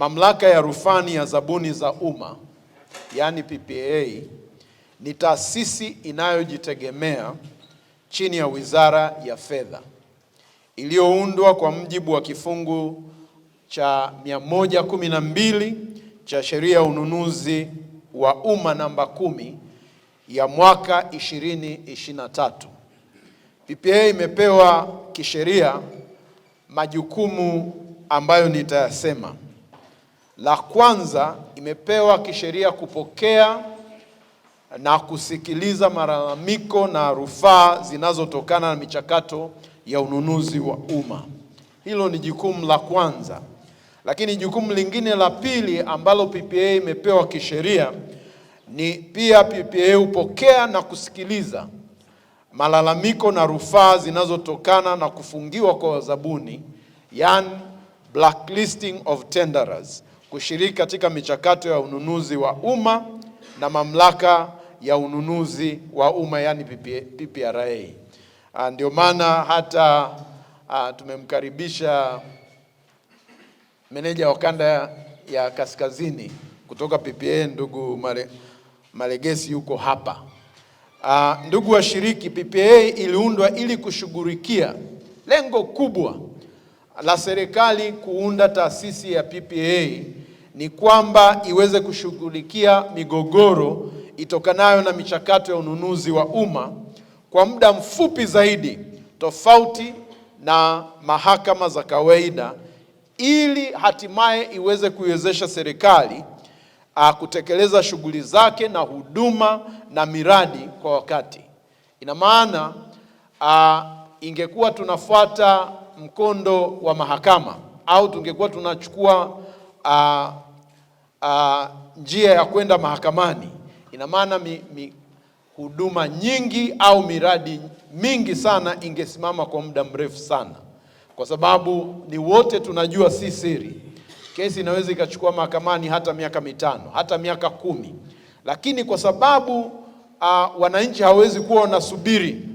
Mamlaka ya Rufani ya Zabuni za Umma, yani ppa ni taasisi inayojitegemea chini ya Wizara ya Fedha iliyoundwa kwa mujibu wa kifungu cha 112 cha sheria ya ununuzi wa umma namba kumi ya mwaka 2023. ppa imepewa kisheria majukumu ambayo nitayasema. La kwanza imepewa kisheria kupokea na kusikiliza malalamiko na rufaa zinazotokana na michakato ya ununuzi wa umma. Hilo ni jukumu la kwanza, lakini jukumu lingine la pili ambalo ppa imepewa kisheria ni pia ppa hupokea na kusikiliza malalamiko na rufaa zinazotokana na kufungiwa kwa wazabuni, yani blacklisting of tenderers kushiriki katika michakato ya ununuzi wa umma na mamlaka ya ununuzi wa umma yani PPRA. Ah, ndio maana hata a, ah, tumemkaribisha meneja wa kanda ya kaskazini kutoka PPA ndugu Mare, Malegesi yuko hapa. A, ah, ndugu washiriki, PPA iliundwa ili kushughulikia lengo kubwa la serikali kuunda taasisi ya PPA ni kwamba iweze kushughulikia migogoro itokanayo na michakato ya ununuzi wa umma kwa muda mfupi zaidi, tofauti na mahakama za kawaida, ili hatimaye iweze kuiwezesha serikali ah, kutekeleza shughuli zake na huduma na miradi kwa wakati. Ina maana ah, ingekuwa tunafuata mkondo wa mahakama au tungekuwa tunachukua a, a, njia ya kwenda mahakamani. Ina maana mi, mi, huduma nyingi au miradi mingi sana ingesimama kwa muda mrefu sana, kwa sababu ni wote tunajua si siri, kesi inaweza ikachukua mahakamani hata miaka mitano hata miaka kumi, lakini kwa sababu a, wananchi hawezi kuwa wanasubiri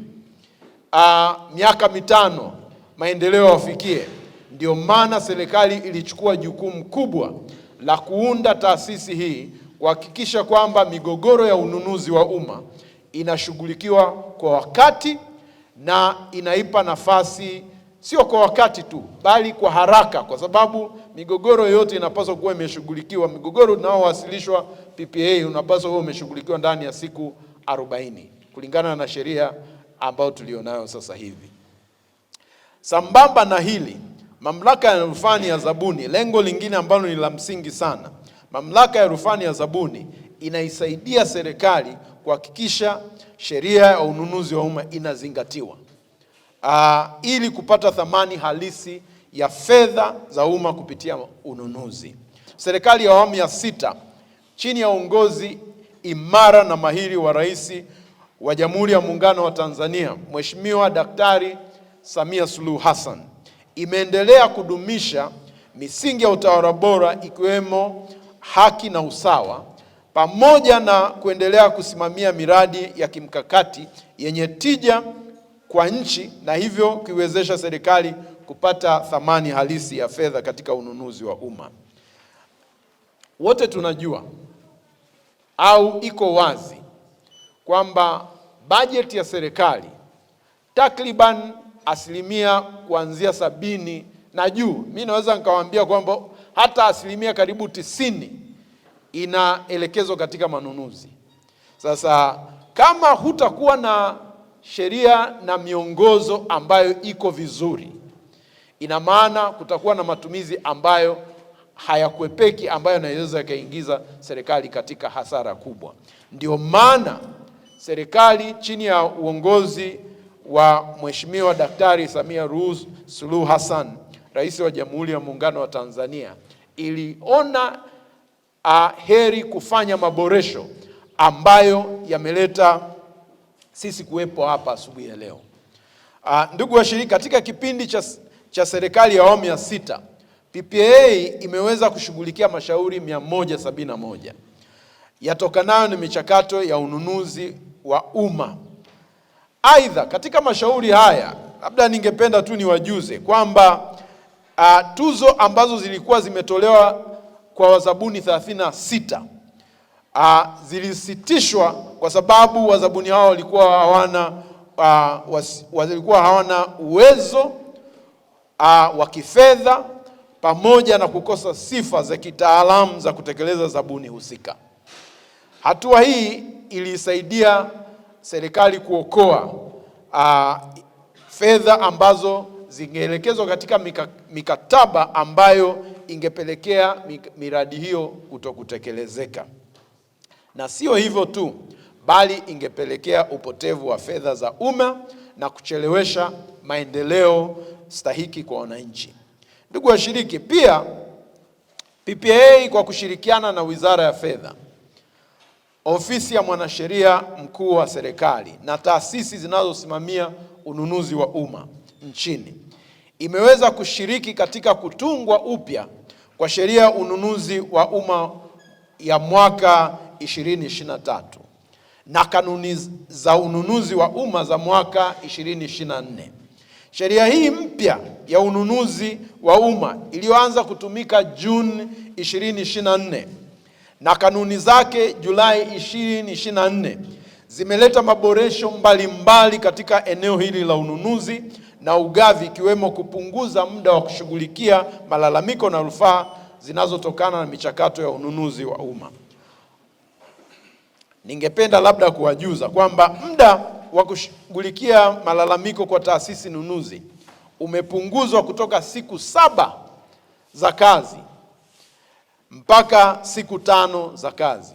miaka mitano maendeleo yafikie ndio maana serikali ilichukua jukumu kubwa la kuunda taasisi hii kuhakikisha kwamba migogoro ya ununuzi wa umma inashughulikiwa kwa wakati na inaipa nafasi, sio kwa wakati tu, bali kwa haraka, kwa sababu migogoro yote inapaswa kuwa imeshughulikiwa. Migogoro unaowasilishwa PPA unapaswa kuwa umeshughulikiwa ndani ya siku 40 kulingana na sheria ambayo tulionayo sasa hivi. Sambamba na hili Mamlaka ya rufani ya zabuni, lengo lingine ambalo ni la msingi sana, mamlaka ya rufani ya zabuni inaisaidia serikali kuhakikisha sheria ya ununuzi wa umma inazingatiwa, aa, ah, ili kupata thamani halisi ya fedha za umma kupitia ununuzi. Serikali ya awamu ya sita chini ya uongozi imara na mahiri wa Rais wa Jamhuri ya Muungano wa Tanzania Mheshimiwa Daktari Samia Suluhu Hassan imeendelea kudumisha misingi ya utawala bora ikiwemo haki na usawa pamoja na kuendelea kusimamia miradi ya kimkakati yenye tija kwa nchi na hivyo kuiwezesha serikali kupata thamani halisi ya fedha katika ununuzi wa umma. Wote tunajua au iko wazi kwamba bajeti ya serikali takriban asilimia kuanzia sabini na juu. Mi naweza nikawaambia kwamba hata asilimia karibu tisini inaelekezwa katika manunuzi. Sasa kama hutakuwa na sheria na miongozo ambayo iko vizuri, ina maana kutakuwa na matumizi ambayo hayakwepeki, ambayo yanaweza yakaingiza serikali katika hasara kubwa. Ndio maana serikali chini ya uongozi wa Mheshimiwa Daktari Samia Suluhu Hassan, Rais wa Jamhuri ya Muungano wa Tanzania, iliona heri kufanya maboresho ambayo yameleta sisi kuwepo hapa asubuhi ya leo. Uh, ndugu washiriki, katika kipindi cha, cha serikali ya awamu ya sita ppa imeweza kushughulikia mashauri 171 yatokanayo na michakato ya ununuzi wa umma Aidha, katika mashauri haya labda ningependa tu niwajuze kwamba uh, tuzo ambazo zilikuwa zimetolewa kwa wazabuni 36 uh, ah, zilisitishwa kwa sababu wazabuni hao walikuwa hawana uh, walikuwa hawana uwezo uh, wa kifedha pamoja na kukosa sifa za kitaalamu za kutekeleza zabuni husika. Hatua hii ilisaidia serikali kuokoa uh, fedha ambazo zingeelekezwa katika mikataba ambayo ingepelekea miradi hiyo kutokutekelezeka, na sio hivyo tu, bali ingepelekea upotevu wa fedha za umma na kuchelewesha maendeleo stahiki kwa wananchi. Ndugu washiriki, pia PPAA kwa kushirikiana na Wizara ya Fedha ofisi ya mwanasheria mkuu wa serikali na taasisi zinazosimamia ununuzi wa umma nchini imeweza kushiriki katika kutungwa upya kwa sheria ya ununuzi wa umma ya mwaka 2023 na kanuni za ununuzi wa umma za mwaka 2024. Sheria hii mpya ya ununuzi wa umma iliyoanza kutumika Juni 2024 na kanuni zake Julai 2024 zimeleta maboresho mbalimbali mbali katika eneo hili la ununuzi na ugavi ikiwemo kupunguza muda wa kushughulikia malalamiko na rufaa zinazotokana na michakato ya ununuzi wa umma. Ningependa labda kuwajuza kwamba muda wa kushughulikia malalamiko kwa taasisi nunuzi umepunguzwa kutoka siku saba za kazi mpaka siku tano za kazi.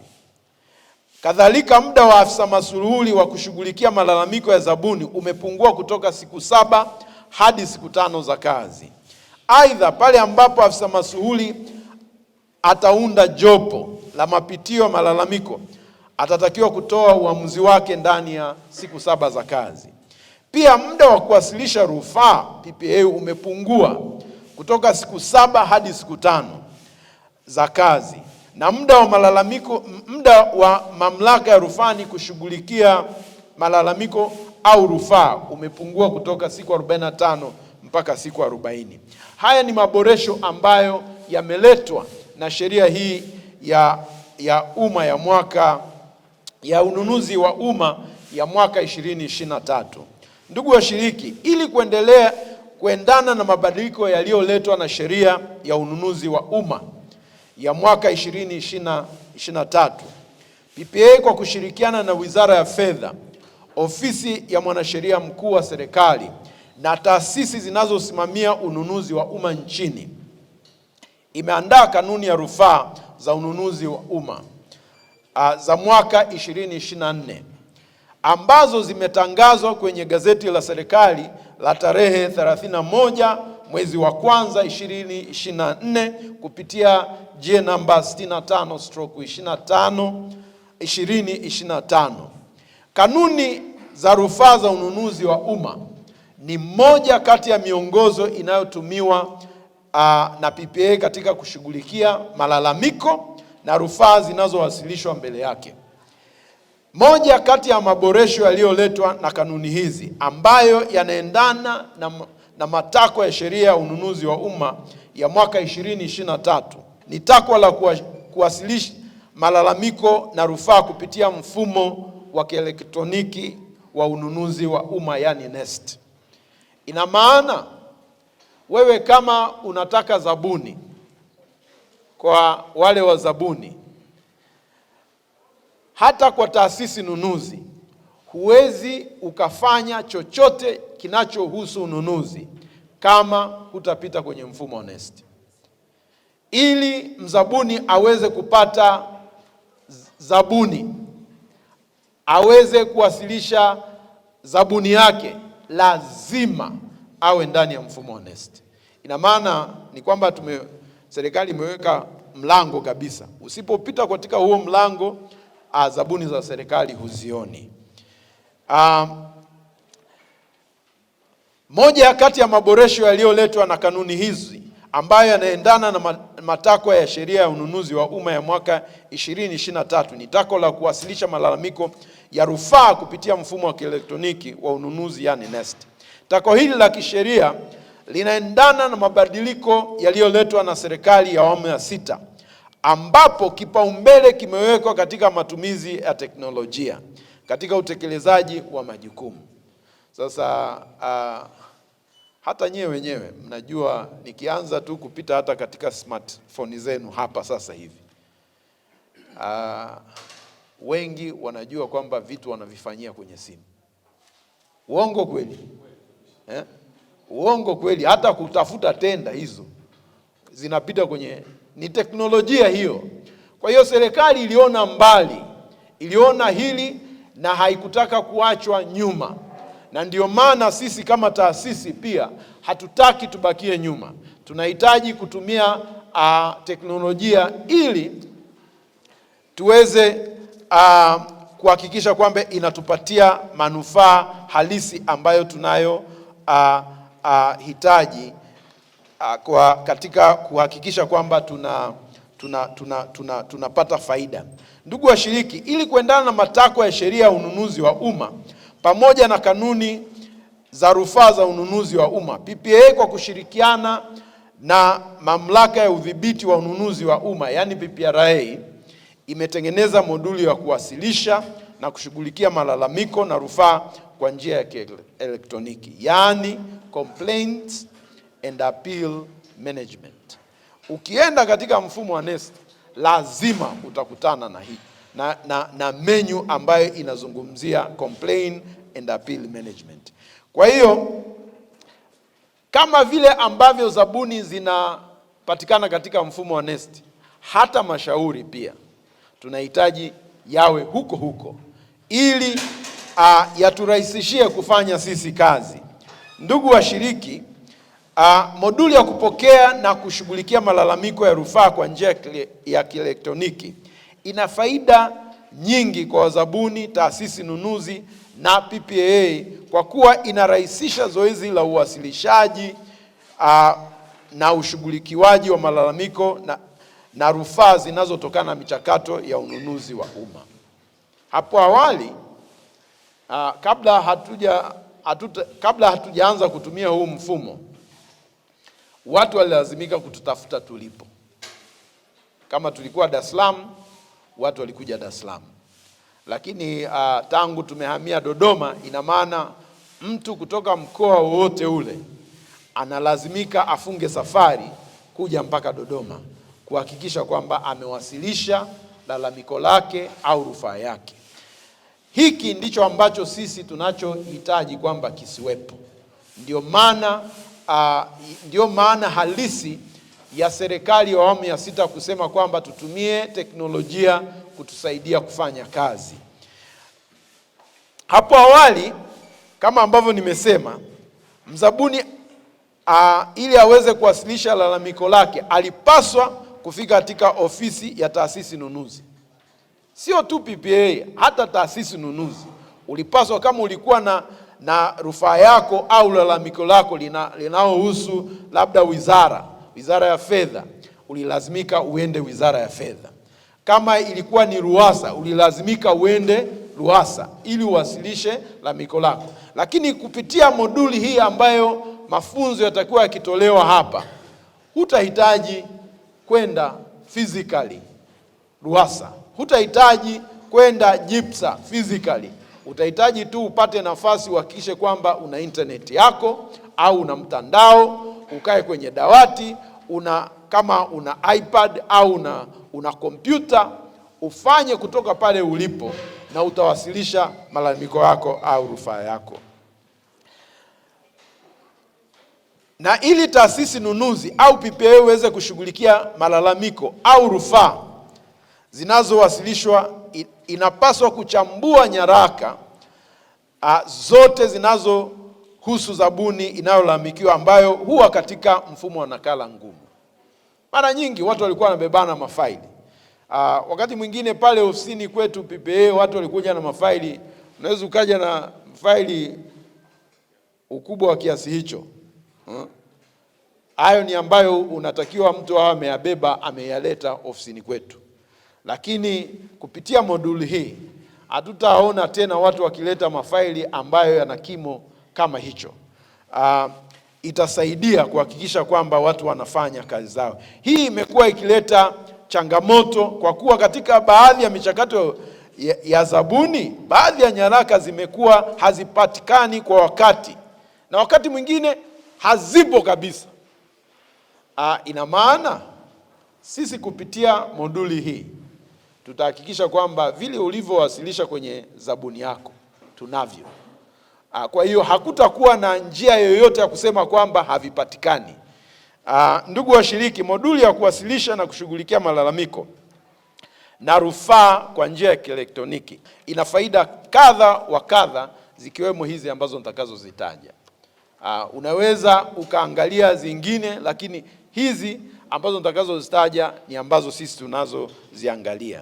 Kadhalika, muda wa afisa masuhuli wa kushughulikia malalamiko ya zabuni umepungua kutoka siku saba hadi siku tano za kazi. Aidha, pale ambapo afisa masuhuli ataunda jopo la mapitio ya malalamiko atatakiwa kutoa uamuzi wake ndani ya siku saba za kazi. Pia muda wa kuwasilisha rufaa PPA umepungua kutoka siku saba hadi siku tano za kazi na muda wa malalamiko, muda wa mamlaka ya rufani kushughulikia malalamiko au rufaa umepungua kutoka siku 45 mpaka siku 40. Haya ni maboresho ambayo yameletwa na sheria hii ya ya umma ya mwaka ya ununuzi wa umma ya mwaka 2023. Ndugu washiriki, ili kuendelea kuendana na mabadiliko yaliyoletwa na sheria ya ununuzi wa umma ya mwaka 2023 ppa kwa kushirikiana na Wizara ya Fedha, Ofisi ya Mwanasheria Mkuu wa Serikali na taasisi zinazosimamia ununuzi wa umma nchini imeandaa kanuni ya rufaa za ununuzi wa umma za mwaka 2024 ambazo zimetangazwa kwenye gazeti la serikali la tarehe 31 mwezi wa kwanza 2024 kupitia J namba 65 stroke 25 2025. Kanuni za rufaa za ununuzi wa umma ni moja kati ya miongozo inayotumiwa uh, na PPA katika kushughulikia malalamiko na rufaa zinazowasilishwa mbele yake. Moja kati ya maboresho yaliyoletwa na kanuni hizi ambayo yanaendana na na matakwa ya sheria ya ununuzi wa umma ya mwaka 2023 ni takwa la kuwasilisha malalamiko na rufaa kupitia mfumo wa kielektroniki wa ununuzi wa umma yani NeST. Ina maana wewe kama unataka zabuni kwa wale wa zabuni, hata kwa taasisi nunuzi huwezi ukafanya chochote kinachohusu ununuzi kama hutapita kwenye mfumo honesti. Ili mzabuni aweze kupata zabuni, aweze kuwasilisha zabuni yake, lazima awe ndani ya mfumo honesti. Ina maana ni kwamba tume serikali imeweka mlango kabisa, usipopita katika huo mlango, ah, zabuni za serikali huzioni. Um, moja kati ya maboresho yaliyoletwa na kanuni hizi ambayo yanaendana na matakwa ya sheria ya ununuzi wa umma ya mwaka 2023 ni tako la kuwasilisha malalamiko ya rufaa kupitia mfumo wa kielektroniki wa ununuzi yani NeST. Tako hili la kisheria linaendana na mabadiliko yaliyoletwa na serikali ya awamu ya sita ambapo kipaumbele kimewekwa katika matumizi ya teknolojia katika utekelezaji wa majukumu. Sasa uh, hata nyewe wenyewe mnajua, nikianza tu kupita hata katika smartphone zenu hapa sasa hivi uh, wengi wanajua kwamba vitu wanavifanyia kwenye simu. Uongo kweli eh? Uongo kweli, hata kutafuta tenda hizo zinapita kwenye, ni teknolojia hiyo. Kwa hiyo serikali iliona mbali, iliona hili na haikutaka kuachwa nyuma, na ndio maana sisi kama taasisi pia hatutaki tubakie nyuma. Tunahitaji kutumia a, teknolojia ili tuweze a, kuhakikisha kwamba inatupatia manufaa halisi ambayo tunayo a, a, hitaji a, kwa katika kuhakikisha kwamba tuna tunapata tuna, tuna, tuna faida. Ndugu washiriki, ili kuendana na matakwa ya sheria ya ununuzi wa umma pamoja na kanuni za rufaa za ununuzi wa umma PPAA kwa kushirikiana na mamlaka ya udhibiti wa ununuzi wa umma yaani PPRA imetengeneza moduli ya kuwasilisha na kushughulikia malalamiko na rufaa kwa njia ya kielektroniki yaani complaints and appeal management. Ukienda katika mfumo wa Nest lazima utakutana na hii na, na, na menu ambayo inazungumzia complain and appeal management. Kwa hiyo kama vile ambavyo zabuni zinapatikana katika mfumo wa Nest, hata mashauri pia tunahitaji yawe huko huko ili uh, yaturahisishie kufanya sisi kazi. Ndugu washiriki, Uh, moduli ya kupokea na kushughulikia malalamiko ya rufaa kwa njia ya kielektroniki ina faida nyingi kwa wazabuni, taasisi nunuzi na PPAA kwa kuwa inarahisisha zoezi la uwasilishaji uh, na ushughulikiwaji wa malalamiko na, na rufaa zinazotokana na michakato ya ununuzi wa umma. Hapo awali uh, kabla hatuja hatuta, kabla hatujaanza kutumia huu mfumo watu walilazimika kututafuta tulipo. Kama tulikuwa Dar es Salaam, watu walikuja Dar es Salaam, lakini uh, tangu tumehamia Dodoma, ina maana mtu kutoka mkoa wowote ule analazimika afunge safari kuja mpaka Dodoma kuhakikisha kwamba amewasilisha lalamiko lake au rufaa yake. Hiki ndicho ambacho sisi tunachohitaji kwamba kisiwepo. Ndio maana Ah, ndiyo uh, maana halisi ya serikali ya awamu ya sita kusema kwamba tutumie teknolojia kutusaidia kufanya kazi. Hapo awali kama ambavyo nimesema, mzabuni a, ah, ili aweze kuwasilisha lalamiko lake alipaswa kufika katika ofisi ya taasisi nunuzi, sio tu ppa hata taasisi nunuzi ulipaswa, kama ulikuwa na na rufaa yako au lalamiko lako linalohusu lina labda wizara wizara ya fedha, ulilazimika uende wizara ya fedha. Kama ilikuwa ni ruasa, ulilazimika uende ruasa ili uwasilishe lalamiko lako. Lakini kupitia moduli hii ambayo mafunzo yatakuwa yakitolewa hapa, hutahitaji kwenda physically ruasa, hutahitaji kwenda jipsa physically Utahitaji tu upate nafasi, uhakikishe kwamba una intaneti yako au una mtandao, ukae kwenye dawati, una kama una iPad au una una kompyuta, ufanye kutoka pale ulipo, na utawasilisha malalamiko yako au rufaa yako. Na ili taasisi nunuzi au PPA iweze kushughulikia malalamiko au rufaa zinazowasilishwa inapaswa kuchambua nyaraka a, ah, zote zinazohusu zabuni inayolalamikiwa ambayo huwa katika mfumo wa nakala ngumu. Mara nyingi watu walikuwa wanabebana mafaili ah, wakati mwingine pale ofisini kwetu PPA watu walikuja na mafaili, unaweza ukaja na faili ukubwa wa kiasi hicho hmm. Hayo ni ambayo unatakiwa mtu awe ameyabeba ameyaleta ofisini kwetu. Lakini kupitia moduli hii hatutaona tena watu wakileta mafaili ambayo yana kimo kama hicho. Uh, itasaidia kuhakikisha kwamba watu wanafanya kazi zao. Hii imekuwa ikileta changamoto kwa kuwa katika baadhi ya michakato ya, ya zabuni, baadhi ya nyaraka zimekuwa hazipatikani kwa wakati na wakati mwingine hazipo kabisa. Uh, ina maana sisi kupitia moduli hii tutahakikisha kwamba vile ulivyowasilisha kwenye zabuni yako tunavyo. Ah, kwa hiyo hakutakuwa na njia yoyote ya kusema kwamba havipatikani. Ah, ndugu washiriki, moduli ya kuwasilisha na kushughulikia malalamiko na rufaa kwa njia ya kielektroniki ina faida kadha wa kadha, zikiwemo hizi ambazo nitakazozitaja. Ah, unaweza ukaangalia zingine, lakini hizi ambazo nitakazozitaja ni ambazo sisi tunazoziangalia.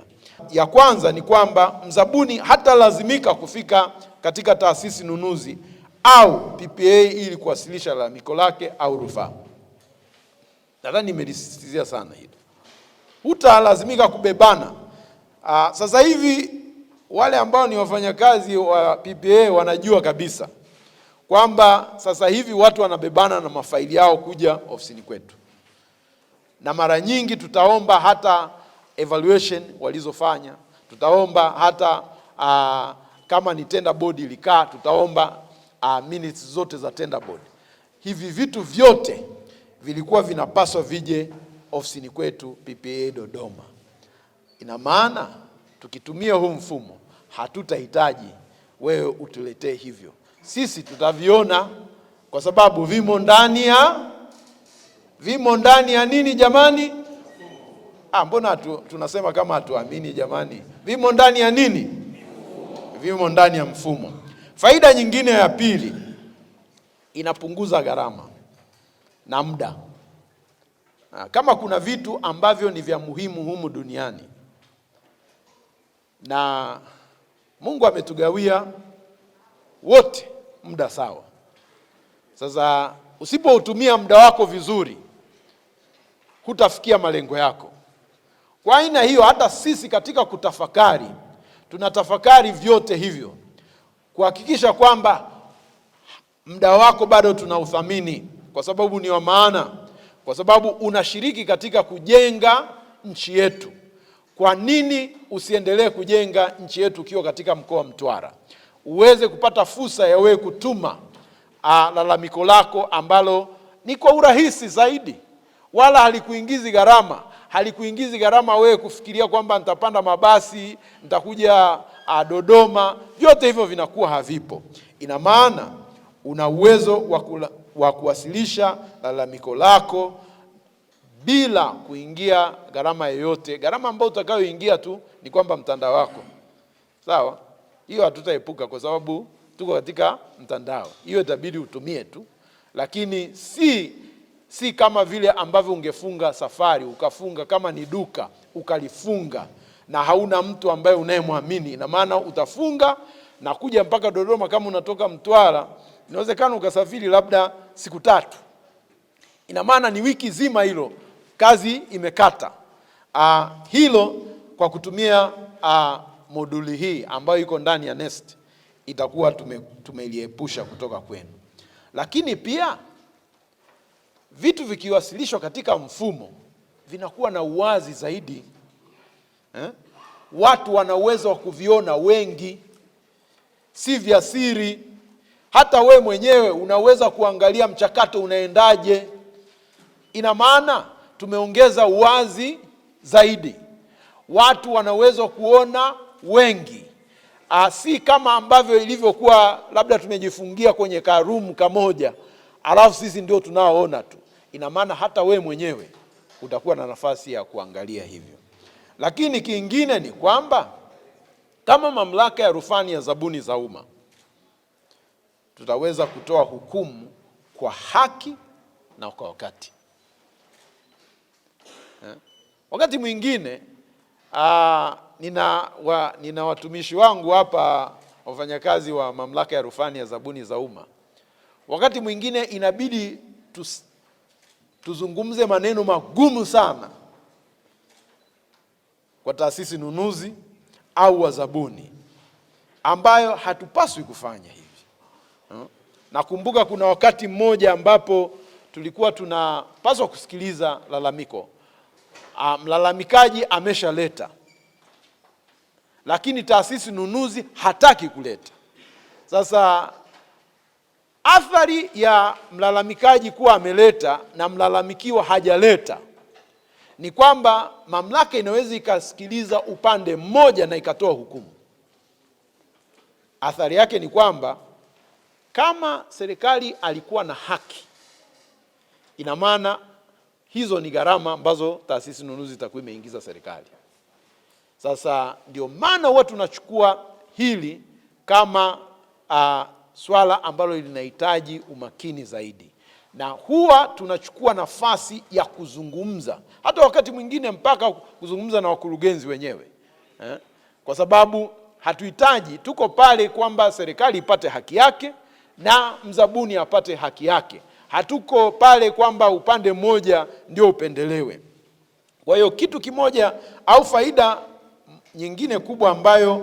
Ya kwanza ni kwamba mzabuni hatalazimika kufika katika taasisi nunuzi au PPA ili kuwasilisha lalamiko lake au rufaa. Nadhani nimelisisitizia sana hilo, hutalazimika kubebana. Aa, ah, sasa hivi wale ambao ni wafanyakazi wa PPA wanajua kabisa kwamba sasa hivi watu wanabebana na mafaili yao kuja ofisini kwetu, na mara nyingi tutaomba hata evaluation walizofanya. Tutaomba hata uh, kama ni tender board ilikaa, tutaomba uh, minutes zote za tender board. Hivi vitu vyote vilikuwa vinapaswa vije ofisini kwetu ppa Dodoma. Ina maana tukitumia huu mfumo hatutahitaji wewe utuletee hivyo, sisi tutaviona kwa sababu vimo ndani ya vimo ndani ya nini jamani? Ah, mbona tu, tunasema kama hatuamini jamani? Vimo ndani ya nini? Vimo ndani ya mfumo. Faida nyingine ya pili, inapunguza gharama na muda. Ah, kama kuna vitu ambavyo ni vya muhimu humu duniani na Mungu ametugawia wote muda sawa. Sasa usipoutumia muda wako vizuri, hutafikia malengo yako. Kwa aina hiyo, hata sisi katika kutafakari tunatafakari vyote hivyo kuhakikisha kwamba muda wako bado tunauthamini, kwa sababu ni wa maana, kwa sababu unashiriki katika kujenga nchi yetu. Kwa nini usiendelee kujenga nchi yetu ukiwa katika mkoa wa Mtwara, uweze kupata fursa ya wewe kutuma lalamiko lako ambalo ni kwa urahisi zaidi, wala halikuingizi gharama halikuingizi gharama wewe kufikiria kwamba nitapanda mabasi nitakuja ah, Dodoma, vyote hivyo vinakuwa havipo. Ina maana una uwezo wa kuwasilisha lalamiko lako bila kuingia gharama yoyote. Gharama ambayo utakayoingia tu ni kwamba mtandao wako, sawa? Hiyo hatutaepuka kwa sababu tuko katika mtandao, hiyo itabidi utumie tu, lakini si si kama vile ambavyo ungefunga safari ukafunga, kama ni duka ukalifunga na hauna mtu ambaye unayemwamini, ina maana utafunga na kuja mpaka Dodoma. Kama unatoka Mtwara, inawezekana ukasafiri labda siku tatu, ina maana ni wiki zima hilo kazi imekata. Ah, hilo kwa kutumia ah, moduli hii ambayo iko ndani ya Nest itakuwa tumeliepusha tume kutoka kwenu, lakini pia vitu vikiwasilishwa katika mfumo vinakuwa na uwazi zaidi eh? Watu wana uwezo wa kuviona wengi, si vya siri. Hata we mwenyewe unaweza kuangalia mchakato unaendaje. Ina maana tumeongeza uwazi zaidi, watu wanaweza kuona wengi, ah, si kama ambavyo ilivyokuwa labda tumejifungia kwenye karumu kamoja, alafu sisi ndio tunaoona tu ina maana hata we mwenyewe utakuwa na nafasi ya kuangalia hivyo. Lakini kingine ni kwamba kama mamlaka ya rufani ya zabuni za umma tutaweza kutoa hukumu kwa haki na kwa wakati. Ha? Eh? Wakati mwingine aa, nina, wa, nina watumishi wangu hapa wafanyakazi wa mamlaka ya rufani ya zabuni za umma, wakati mwingine inabidi tuzungumze maneno magumu sana kwa taasisi nunuzi au wazabuni, ambayo hatupaswi kufanya hivi. Nakumbuka kuna wakati mmoja ambapo tulikuwa tunapaswa kusikiliza lalamiko, mlalamikaji ameshaleta, lakini taasisi nunuzi hataki kuleta. Sasa athari ya mlalamikaji kuwa ameleta na mlalamikiwa hajaleta ni kwamba mamlaka inaweza ikasikiliza upande mmoja na ikatoa hukumu. Athari yake ni kwamba kama serikali alikuwa na haki, ina maana hizo ni gharama ambazo taasisi nunuzi itakuwa imeingiza serikali. Sasa ndio maana huwa tunachukua hili kama uh, swala ambalo linahitaji umakini zaidi, na huwa tunachukua nafasi ya kuzungumza hata wakati mwingine mpaka kuzungumza na wakurugenzi wenyewe eh? Kwa sababu hatuhitaji, tuko pale kwamba serikali ipate haki yake na mzabuni apate haki yake. Hatuko pale kwamba upande mmoja ndio upendelewe. Kwa hiyo kitu kimoja au faida nyingine kubwa ambayo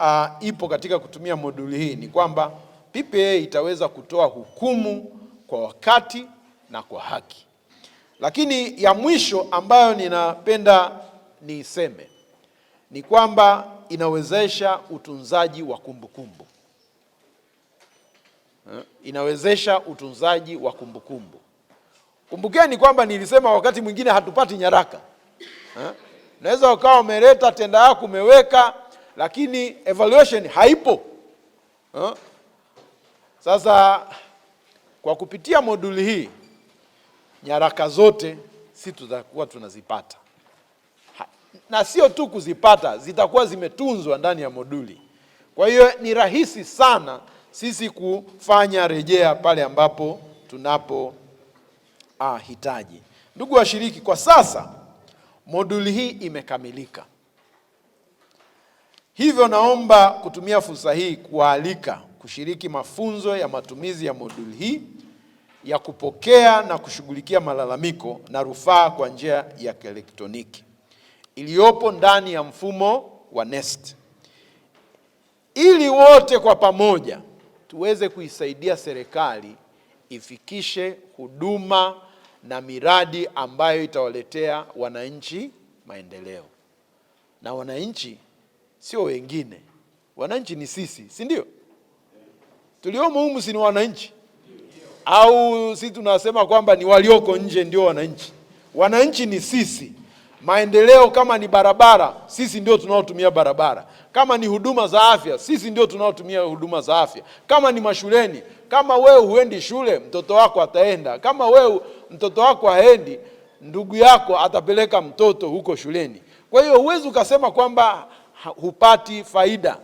uh, ipo katika kutumia moduli hii ni kwamba PPA itaweza kutoa hukumu kwa wakati na kwa haki. Lakini ya mwisho ambayo ninapenda niiseme ni kwamba inawezesha utunzaji wa kumbukumbu kumbu. Eh, inawezesha utunzaji wa kumbukumbu kumbu. Kumbukeni kwamba nilisema wakati mwingine hatupati nyaraka eh, unaweza Naweza ukawa umeleta tenda yako umeweka, lakini evaluation haipo eh, sasa kwa kupitia moduli hii nyaraka zote si tutakuwa tunazipata ha, na sio tu kuzipata, zitakuwa zimetunzwa ndani ya moduli. Kwa hiyo ni rahisi sana sisi kufanya rejea pale ambapo tunapo ah, hitaji. Ndugu washiriki, kwa sasa moduli hii imekamilika, hivyo naomba kutumia fursa hii kuwaalika kushiriki mafunzo ya matumizi ya moduli hii ya kupokea na kushughulikia malalamiko na rufaa kwa njia ya kielektroniki iliyopo ndani ya mfumo wa NeST ili wote kwa pamoja tuweze kuisaidia serikali ifikishe huduma na miradi ambayo itawaletea wananchi maendeleo. Na wananchi sio wengine, wananchi ni sisi, si ndio? tuliomo humu si ni wananchi? Au si tunasema kwamba ni walioko nje ndio wananchi? Wananchi ni sisi. Maendeleo kama ni barabara, sisi ndio tunaotumia barabara. Kama ni huduma za afya, sisi ndio tunaotumia huduma za afya. Kama ni mashuleni, kama wewe huendi shule, mtoto wako ataenda. Kama wewe mtoto wako haendi, ndugu yako atapeleka mtoto huko shuleni. Kwa hiyo huwezi ukasema kwamba hupati faida.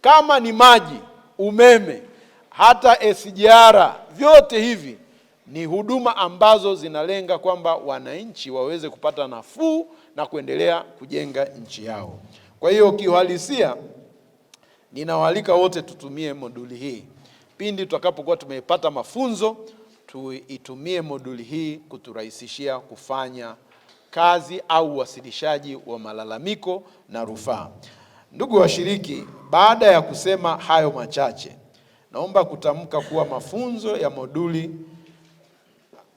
Kama ni maji, umeme hata SGR, vyote hivi ni huduma ambazo zinalenga kwamba wananchi waweze kupata nafuu na kuendelea kujenga nchi yao. Kwa hiyo kiuhalisia, ninawaalika wote tutumie moduli hii pindi tutakapokuwa tumepata mafunzo, tuitumie moduli hii kuturahisishia kufanya kazi au uwasilishaji wa malalamiko na rufaa. Ndugu washiriki, baada ya kusema hayo machache Naomba kutamka kuwa mafunzo ya moduli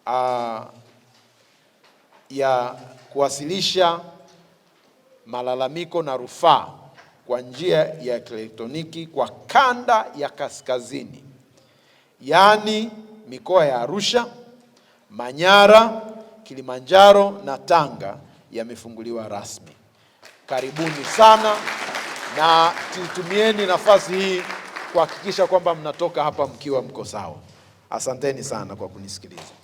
a, ya kuwasilisha malalamiko na rufaa kwa njia ya elektroniki kwa kanda ya kaskazini, yaani mikoa ya Arusha, Manyara, Kilimanjaro na Tanga yamefunguliwa rasmi. Karibuni sana na tutumieni nafasi hii kuhakikisha kwamba mnatoka hapa mkiwa mko sawa. Asanteni sana kwa kunisikiliza.